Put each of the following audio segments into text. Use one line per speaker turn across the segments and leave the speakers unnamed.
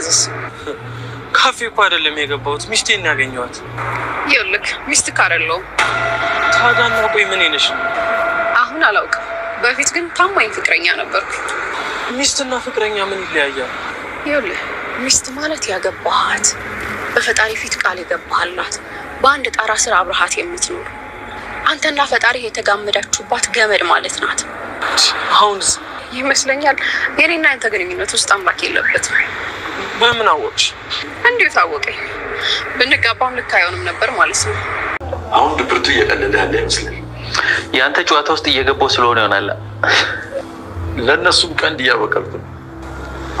ከዚስ
ካፌ እኮ አይደለም የገባሁት፣ ሚስቴን ያገኘኋት።
ይኸውልህ ሚስትህ አይደለሁም።
ታዲያ ነው። ቆይ ምን ይነሽ?
አሁን አላውቅም፣ በፊት ግን ታማኝ ፍቅረኛ ነበርኩ።
ሚስትና ፍቅረኛ ምን ይለያያል?
ይኸውልህ ሚስት ማለት ያገባሃት፣ በፈጣሪ ፊት ቃል የገባሃላት፣ በአንድ ጣራ ስር አብረሃት የምትኖር አንተና ፈጣሪ የተጋመዳችሁባት ገመድ ማለት ናት። አሁን ይመስለኛል የኔና ያንተ ግንኙነት ውስጥ አምላክ የለበትም።
በምን አወቅሽ?
እንዴት አወቀኝ? ብንጋባም ልክ አይሆንም ነበር ማለት ነው።
አሁን ድብርቱ እየቀለለ ያለ ይመስላል።
የአንተ ጨዋታ ውስጥ እየገባው ስለሆነ ይሆናል።
ለእነሱም ቀንድ እያበቀልኩ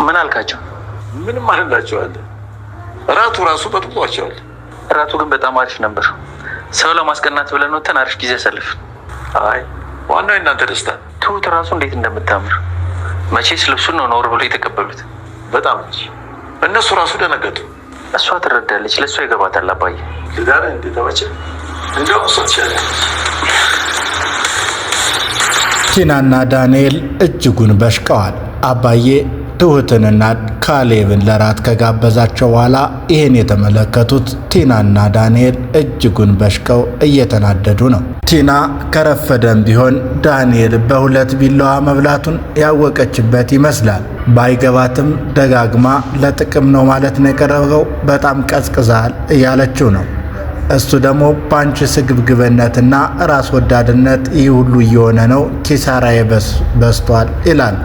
ምን አልካቸው? ምንም አለ? እራቱ ራሱ በጥቋቸዋል።
እራቱ ግን በጣም አሪፍ ነበር። ሰው ለማስቀናት ብለን ወተን አሪፍ ጊዜ አሳልፍ።
አይ ዋናው የእናንተ ደስታ።
ትሁት ራሱ እንዴት እንደምታምር መቼስ ልብሱን ነው ኖር ብሎ የተቀበሉት።
በጣም እነሱ ራሱ ደነገጡ።
እሷ ትረዳለች፣ ለእሷ ይገባታል። አባዬ
ዳር እንዴታባች እንዲያውም እሷ ትችላለች።
ቲናና ዳንኤል እጅጉን በሽቀዋል። አባዬ ትሁትንና ካሌብን ለራት ከጋበዛቸው በኋላ ይህን የተመለከቱት ቲናና ዳንኤል እጅጉን በሽቀው እየተናደዱ ነው። ቲና ከረፈደም ቢሆን ዳንኤል በሁለት ቢላዋ መብላቱን ያወቀችበት ይመስላል። ባይገባትም ደጋግማ ለጥቅም ነው ማለት ነው የቀረበው፣ በጣም ቀዝቅዛል እያለችው ነው። እሱ ደግሞ በአንቺ ስግብግብነትና ራስ ወዳድነት ይህ ሁሉ እየሆነ ነው፣ ኪሳራዬ በስቷል ይላል።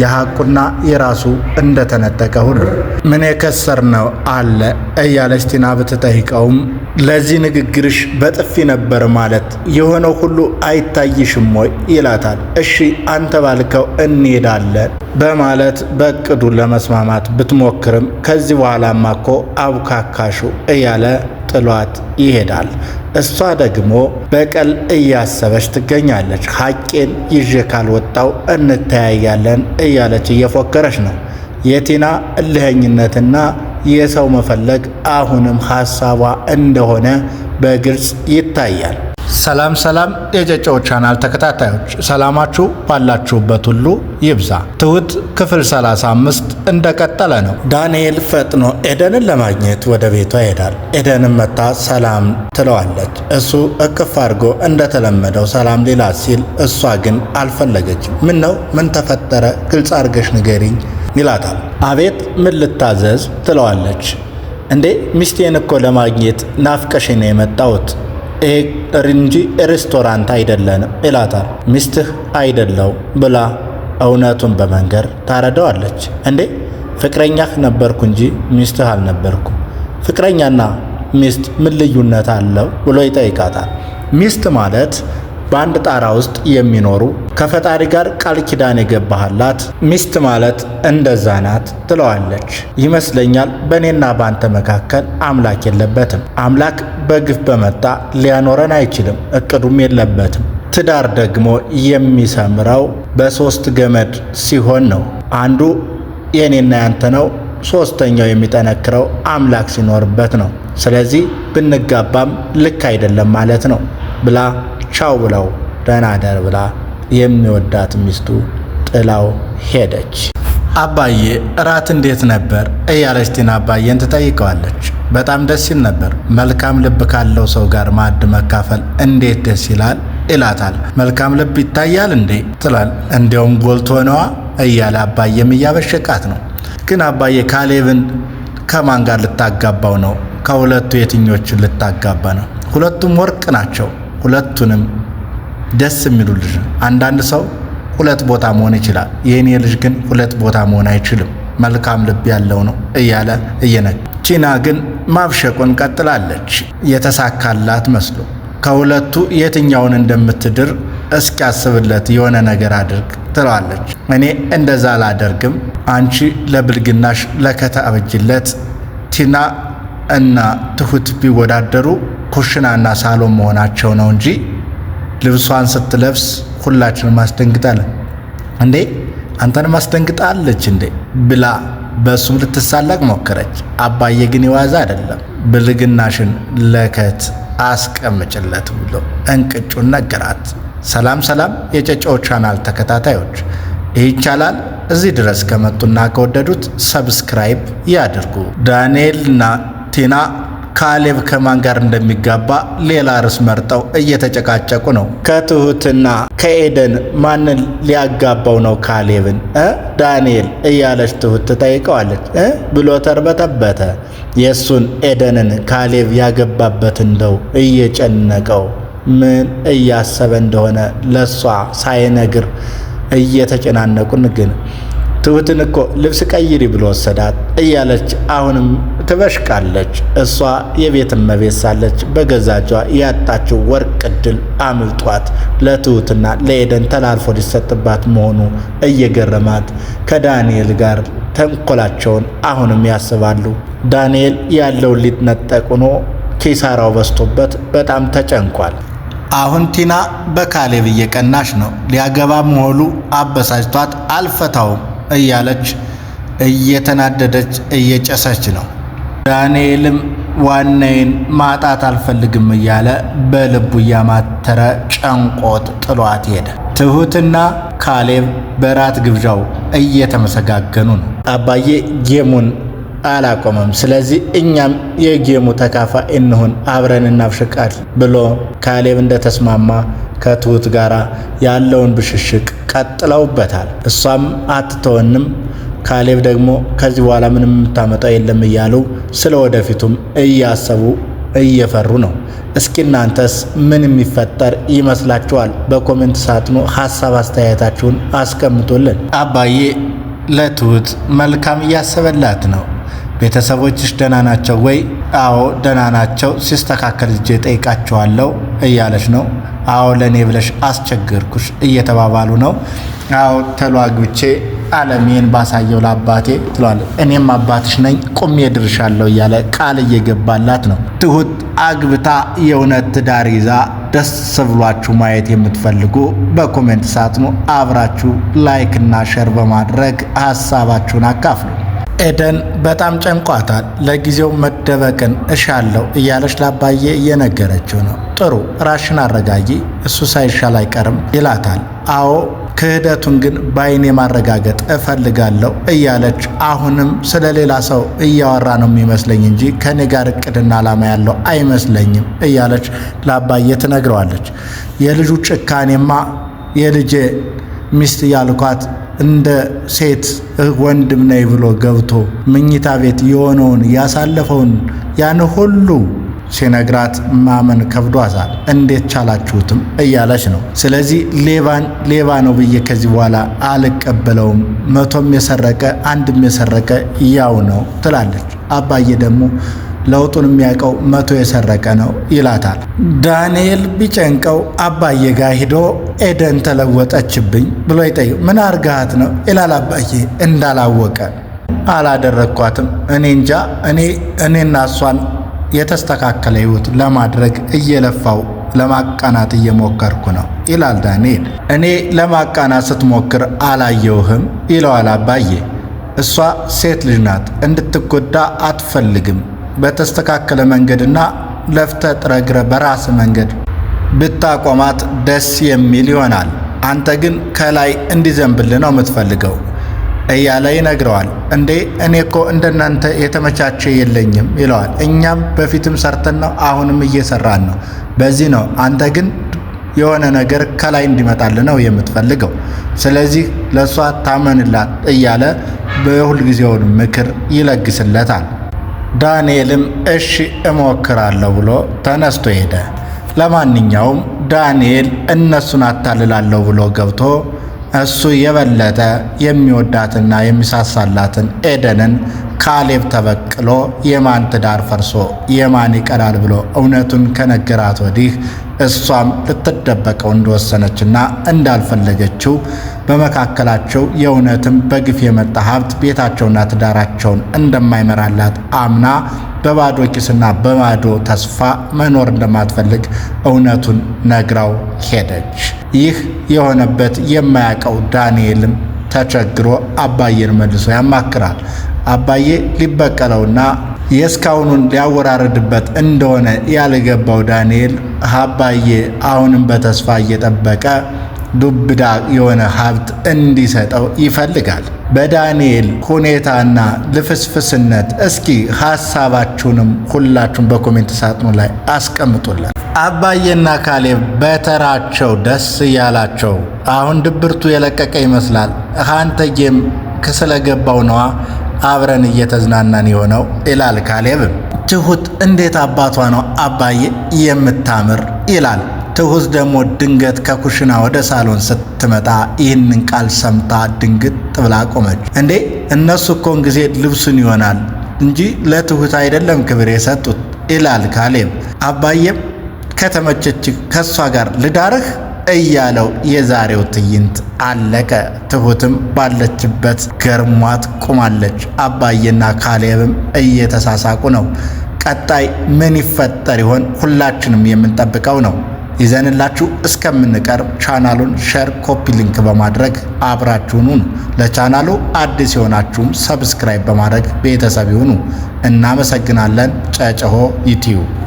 የሐቁና የራሱ እንደተነጠቀ ሁሉ ምን የከሰር ነው አለ እያለች ቲና ብትጠይቀውም ለዚህ ንግግርሽ በጥፊ ነበር ማለት የሆነው ሁሉ አይታይሽም ወይ ይላታል። እሺ አንተ ባልከው እንሄዳለን በማለት በእቅዱ ለመስማማት ብትሞክርም ከዚህ በኋላማ እኮ አብካካሹ እያለ ጥሏት ይሄዳል። እሷ ደግሞ በቀል እያሰበች ትገኛለች። ሐቄን ይዤ ካልወጣው እንተያያለን እያለች እየፎከረች ነው። የቲና እልህኝነትና የሰው መፈለግ አሁንም ሐሳቧ እንደሆነ በግልጽ ይታያል። ሰላም ሰላም የጨጨው ቻናል ተከታታዮች ሰላማችሁ ባላችሁበት ሁሉ ይብዛ። ትሁት ክፍል 35 እንደቀጠለ ነው። ዳንኤል ፈጥኖ ኤደንን ለማግኘት ወደ ቤቷ ይሄዳል። ኤደንን መታ ሰላም ትለዋለች። እሱ እቅፍ አድርጎ እንደተለመደው ሰላም ሊላት ሲል እሷ ግን አልፈለገችም። ምን ነው ምን ተፈጠረ? ግልጽ አድርገሽ ንገሪኝ ይላታል። አቤት ምን ልታዘዝ ትለዋለች። እንዴ ሚስቴን እኮ ለማግኘት ናፍቀሽ ነው የመጣሁት እንጂ ሬስቶራንት አይደለንም ይላታል። ሚስትህ አይደለው ብላ እውነቱን በመንገር ታረደዋለች። እንዴ ፍቅረኛህ ነበርኩ እንጂ ሚስትህ አልነበርኩ። ፍቅረኛና ሚስት ምን ልዩነት አለው ብሎ ይጠይቃታል። ሚስት ማለት በአንድ ጣራ ውስጥ የሚኖሩ ከፈጣሪ ጋር ቃል ኪዳን የገባህላት ሚስት ማለት እንደዛ ናት ትለዋለች። ይመስለኛል በእኔና በአንተ መካከል አምላክ የለበትም። አምላክ በግፍ በመጣ ሊያኖረን አይችልም፣ እቅዱም የለበትም። ትዳር ደግሞ የሚሰምረው በሶስት ገመድ ሲሆን ነው። አንዱ የእኔና ያንተ ነው። ሶስተኛው የሚጠነክረው አምላክ ሲኖርበት ነው። ስለዚህ ብንጋባም ልክ አይደለም ማለት ነው ብላ ቻው ብለው ደህና ደር ብላ የሚወዳት ሚስቱ ጥላው ሄደች። አባዬ እራት እንዴት ነበር እያለች ቲና አባዬን ትጠይቀዋለች። በጣም ደስ ይል ነበር። መልካም ልብ ካለው ሰው ጋር ማዕድ መካፈል እንዴት ደስ ይላል ይላታል። መልካም ልብ ይታያል እንዴ ትላል። እንዲያውም ጎልቶ ነዋ እያለ አባዬም እያበሸቃት ነው። ግን አባዬ ካሌብን ከማን ጋር ልታጋባው ነው? ከሁለቱ የትኞችን ልታጋባ ነው? ሁለቱም ወርቅ ናቸው ሁለቱንም ደስ የሚሉ ልጅ። አንዳንድ ሰው ሁለት ቦታ መሆን ይችላል። የእኔ ልጅ ግን ሁለት ቦታ መሆን አይችልም፣ መልካም ልብ ያለው ነው እያለ እየነገ ቺና ግን ማብሸቁን ቀጥላለች። የተሳካላት መስሎ ከሁለቱ የትኛውን እንደምትድር እስኪያስብለት የሆነ ነገር አድርግ ትለዋለች። እኔ እንደዛ አላደርግም፣ አንቺ ለብልግናሽ ለከተ አበጅለት። ቲና እና ትሁት ቢወዳደሩ ኩሽናና ሳሎን መሆናቸው ነው እንጂ ልብሷን ስትለብስ ሁላችንም አስደንግጣለን። እንዴ አንተንም አስደንግጣለች እንዴ ብላ በእሱም ልትሳላቅ ሞከረች። አባዬ ግን የዋዛ አይደለም ብልግናሽን ለከት አስቀምጭለት ብሎ እንቅጩን ነገራት። ሰላም ሰላም፣ የጨጨሆ ቻናል ተከታታዮች ይህ ይቻላል እዚህ ድረስ ከመጡና ከወደዱት ሰብስክራይብ ያድርጉ። ዳንኤልና ቲና ካሌብ ከማን ጋር እንደሚጋባ ሌላ ርዕስ መርጠው እየተጨቃጨቁ ነው። ከትሁትና ከኤደን ማንን ሊያጋባው ነው ካሌብን እ ዳንኤል እያለች ትሁት ትጠይቀዋለች እ ብሎ ተርበተበተ። የእሱን ኤደንን ካሌብ ያገባበት እንደው እየጨነቀው ምን እያሰበ እንደሆነ ለሷ ሳይነግር እየተጨናነቁን ግን ትሁትን እኮ ልብስ ቀይሪ ብሎ ወሰዳት እያለች አሁንም ትበሽቃለች። እሷ የቤት እመቤት ሳለች ያጣችው ወርቅ እድል አምልጧት ለትሁትና ለኤደን ተላልፎ ሊሰጥባት መሆኑ እየገረማት ከዳንኤል ጋር ተንኮላቸውን አሁንም ያስባሉ። ዳንኤል ያለውን ሊነጠቅ ሆኖ ኪሳራው በዝቶበት በጣም ተጨንቋል። አሁን ቲና በካሌብ እየቀናች ነው። ሊያገባ መሆሉ አበሳጭቷት አልፈታውም እያለች እየተናደደች እየጨሰች ነው። ዳንኤልም ዋናዬን ማጣት አልፈልግም እያለ በልቡ እያማተረ ጨንቆት ጥሏት ሄደ። ትሁትና ካሌብ በራት ግብዣው እየተመሰጋገኑ ነው። አባዬ ጌሙን አላቆመም፣ ስለዚህ እኛም የጌሙ ተካፋይ እንሁን፣ አብረን እናብሽቃል ብሎ ካሌብ እንደተስማማ ከትሁት ጋር ያለውን ብሽሽቅ ቀጥለውበታል። እሷም አትተወንም ካሌብ ደግሞ ከዚህ በኋላ ምንም የምታመጣው የለም እያሉ ስለ ወደፊቱም እያሰቡ እየፈሩ ነው። እስኪ እናንተስ ምን የሚፈጠር ይመስላችኋል? በኮሜንት ሳጥኑ ሀሳብ አስተያየታችሁን አስቀምጡልን። አባዬ ለትሁት መልካም እያሰበላት ነው። ቤተሰቦችሽ ደህና ናቸው ወይ? አዎ ደህና ናቸው፣ ሲስተካከል እጄ ጠይቃቸዋለሁ እያለች ነው። አዎ ለእኔ ብለሽ አስቸገርኩሽ እየተባባሉ ነው። አዎ ተሏግቼ ዓለሜን ባሳየው ለአባቴ ትሏል። እኔም አባትሽ ነኝ ቁሜ ድርሻለሁ እያለ ቃል እየገባላት ነው። ትሁት አግብታ የእውነት ትዳር ይዛ ደስ ብሏችሁ ማየት የምትፈልጉ በኮሜንት ሳጥኑ አብራችሁ ላይክና ሸር በማድረግ ሀሳባችሁን አካፍሉ። ኤደን በጣም ጨንቋታል። ለጊዜው መደበቅን እሻለሁ እያለች ላባዬ እየነገረችው ነው። ጥሩ ራሽን አረጋጊ፣ እሱ ሳይሻል አይቀርም ይላታል። አዎ ክህደቱን ግን በአይኔ ማረጋገጥ እፈልጋለሁ እያለች አሁንም ስለ ሌላ ሰው እያወራ ነው የሚመስለኝ እንጂ ከኔ ጋር እቅድና ዓላማ ያለው አይመስለኝም እያለች ለአባዬ ትነግረዋለች። የልጁ ጭካኔማ የልጄ ሚስት ያልኳት እንደ ሴት ወንድም ነይ ብሎ ገብቶ መኝታ ቤት የሆነውን ያሳለፈውን ያን ሁሉ ሲነግራት ማመን ከብዷታል። እንዴት ቻላችሁትም እያለች ነው። ስለዚህ ሌባን ሌባ ነው ብዬ ከዚህ በኋላ አልቀበለውም፣ መቶም የሰረቀ አንድም የሰረቀ ያው ነው ትላለች። አባዬ ደግሞ ለውጡን የሚያውቀው መቶ የሰረቀ ነው ይላታል። ዳንኤል ቢጨንቀው አባዬ ጋር ሂዶ ኤደን ተለወጠችብኝ ብሎ ይጠይቅ። ምን አርጋሃት ነው ይላል አባዬ እንዳላወቀ አላደረግኳትም እኔ እንጃ እኔ እኔና እሷን የተስተካከለ ህይወት ለማድረግ እየለፋው ለማቃናት እየሞከርኩ ነው ይላል ዳንኤል። እኔ ለማቃናት ስትሞክር አላየውህም ይለዋል አባዬ። እሷ ሴት ልጅ ናት፣ እንድትጎዳ አትፈልግም። በተስተካከለ መንገድና ለፍተ ጥረግረ በራስ መንገድ ብታቆማት ደስ የሚል ይሆናል። አንተ ግን ከላይ እንዲዘንብል ነው የምትፈልገው። እያለ ይነግረዋል። እንዴ እኔ እኮ እንደናንተ የተመቻቸ የለኝም ይለዋል። እኛም በፊትም ሰርተን ነው አሁንም እየሰራን ነው። በዚህ ነው አንተ ግን የሆነ ነገር ከላይ እንዲመጣል ነው የምትፈልገው። ስለዚህ ለእሷ ታመንላት እያለ በሁልጊዜውን ምክር ይለግስለታል። ዳንኤልም እሺ እሞክራለሁ ብሎ ተነስቶ ሄደ። ለማንኛውም ዳንኤል እነሱን አታልላለሁ ብሎ ገብቶ እሱ የበለጠ የሚወዳትና የሚሳሳላትን ኤደንን ካሌብ ተበቅሎ የማን ትዳር ፈርሶ የማን ይቀራል ብሎ እውነቱን ከነገራት ወዲህ እሷም ልትደበቀው እንደወሰነችና እንዳልፈለገችው በመካከላቸው የእውነትም በግፍ የመጣ ሀብት ቤታቸውና ትዳራቸውን እንደማይመራላት አምና በባዶ ኪስና በባዶ ተስፋ መኖር እንደማትፈልግ እውነቱን ነግራው ሄደች። ይህ የሆነበት የማያውቀው ዳንኤልም ተቸግሮ አባዬን መልሶ ያማክራል። አባዬ ሊበቀለውና የእስካሁኑን ሊያወራርድበት እንደሆነ ያልገባው ዳንኤል አባዬ አሁንም በተስፋ እየጠበቀ ዱብዳ የሆነ ሀብት እንዲሰጠው ይፈልጋል። በዳንኤል ሁኔታና ልፍስፍስነት እስኪ ሀሳባችሁንም ሁላችሁም በኮሜንት ሳጥኑ ላይ አስቀምጡልን። አባዬና ካሌብ በተራቸው ደስ እያላቸው አሁን ድብርቱ የለቀቀ ይመስላል። ሀንተዬም ከስለገባው ነዋ አብረን እየተዝናናን የሆነው ይላል ካሌብም። ትሁት እንዴት አባቷ ነው አባዬ የምታምር ይላል ትሁት ደግሞ ድንገት ከኩሽና ወደ ሳሎን ስትመጣ ይህንን ቃል ሰምታ ድንግጥ ብላ ቆመች። እንዴ እነሱ እኮን ጊዜ ልብሱን ይሆናል እንጂ ለትሁት አይደለም ክብር የሰጡት ይላል ካሌብ። አባዬም ከተመቸች ከእሷ ጋር ልዳርህ እያለው የዛሬው ትዕይንት አለቀ። ትሁትም ባለችበት ገርሟት ቁማለች። አባዬና ካሌብም እየተሳሳቁ ነው። ቀጣይ ምን ይፈጠር ይሆን? ሁላችንም የምንጠብቀው ነው። ይዘንላችሁ እስከምንቀርብ ቻናሉን ሸር፣ ኮፒ ሊንክ በማድረግ አብራችሁን ለቻናሉ አዲስ የሆናችሁም ሰብስክራይብ በማድረግ ቤተሰብ ይሁኑ። እናመሰግናለን። ጨጨሆ ዩቲዩብ